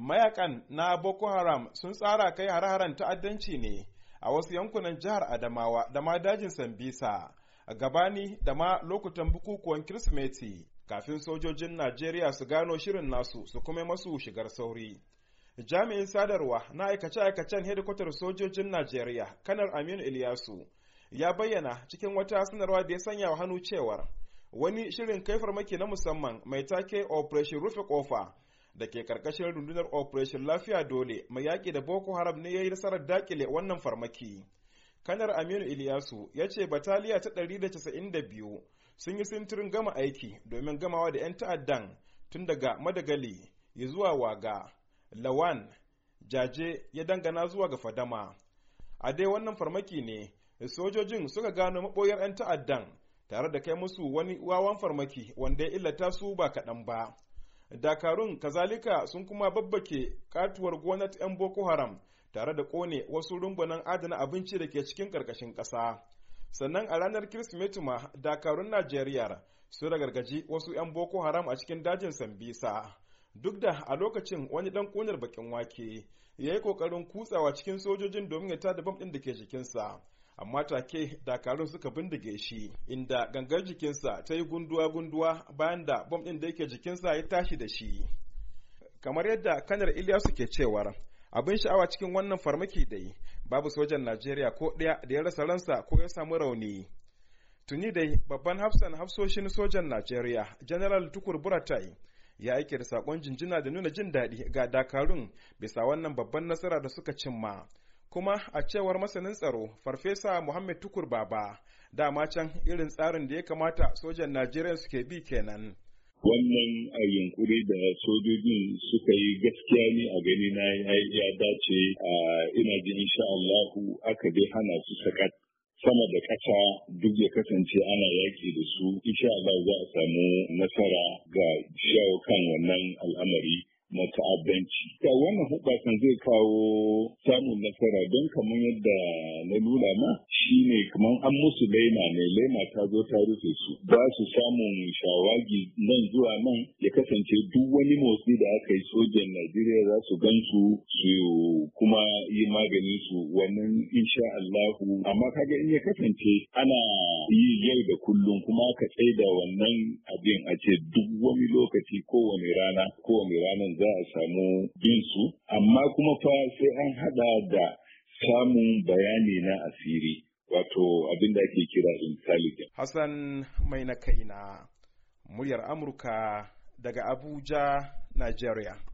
mayakan na boko haram sun tsara kai hare-haren ta'addanci ne a wasu yankunan jihar adamawa da ma dajin sambisa gabani da ma lokutan bukukuwan kirsimeti kafin sojojin najeriya su gano shirin nasu su kuma masu shigar sauri jami'in sadarwa na aikace-aikacen hedikwatar sojojin najeriya kanar aminu ilyasu ya bayyana cikin wata sanarwa da ya sanya wa hannu cewar wani shirin kai farmaki na musamman mai take operation rufe kofa da ke karkashin rundunar operation lafiya dole mai yaƙi da boko haram ne ya yi nasarar dakile wannan farmaki kanar aminu iliyasu ya ce bataliya ta 192 sun yi sintirin gama aiki domin gamawa da 'yan ta'addan tun daga madagali ya zuwa waga lawan jaje ya dangana zuwa ga fadama a dai wannan farmaki ne sojojin suka gano maɓoyar 'yan ta'addan tare da kai musu wani wawan farmaki wanda ya illata su ba kaɗan ba dakarun kazalika sun kuma babbake katuwar gwamnati 'yan boko haram tare da kone wasu rumbunan adana abinci da ke cikin karkashin ƙasa sannan a ranar kirsimeti ma dakarun najeriya sun ragargaji wasu 'yan boko haram a cikin dajin sambisa duk da a lokacin wani dan kunar bakin wake ya yi kokarin kutsawa cikin sojojin domin ya tada bam ɗin da ke jikinsa amma take dakarun suka bindige shi inda gangar jikinsa ta yi gunduwa-gunduwa bayan da bom ɗin da yake jikinsa ya tashi da shi kamar yadda kanar ilyasu ke cewar abin sha'awa cikin wannan farmaki dai babu sojan najeriya ko ɗaya da ya rasa ransa ko ya samu rauni tuni dai babban hafsan hafsoshin sojan najeriya general tukur buratai ya aike da sakon jinjina da nuna jin daɗi ga dakarun bisa wannan babban nasara da suka cimma kuma a cewar masanin tsaro farfesa muhammad tukur baba dama can irin tsarin da ya kamata sojan najeriya suke bi kenan wannan a yunkuri da sojojin suka yi gaskiya ne a gani na ya dace a ina ji insha Allahu aka dai hana su sakat sama da ƙasa duk ya kasance ana yaki da su insha allahu za a samu nasara ga shawo kan wannan al'amari ta'addanci. Ka wannan zai kawo samun nasara don kamar yadda na nuna ma shi ne kamar an musu laima ne laima ta zo ta rufe su ba su samun shawagi nan zuwa nan ya kasance duk wani motsi da aka yi sojan Najeriya za su gan su su kuma yi maganin su wannan insha Allahu amma kaga in ya kasance ana yi yau da kullum kuma ka da wannan abin a ce duk wani lokaci ko wani rana Ko wani ranan za a samu bin su amma kuma fa sai an hada da samun bayani na asiri wato abin da ake kira intelligence. Hassan mai na kaina muryar Amurka daga Abuja, Nigeria.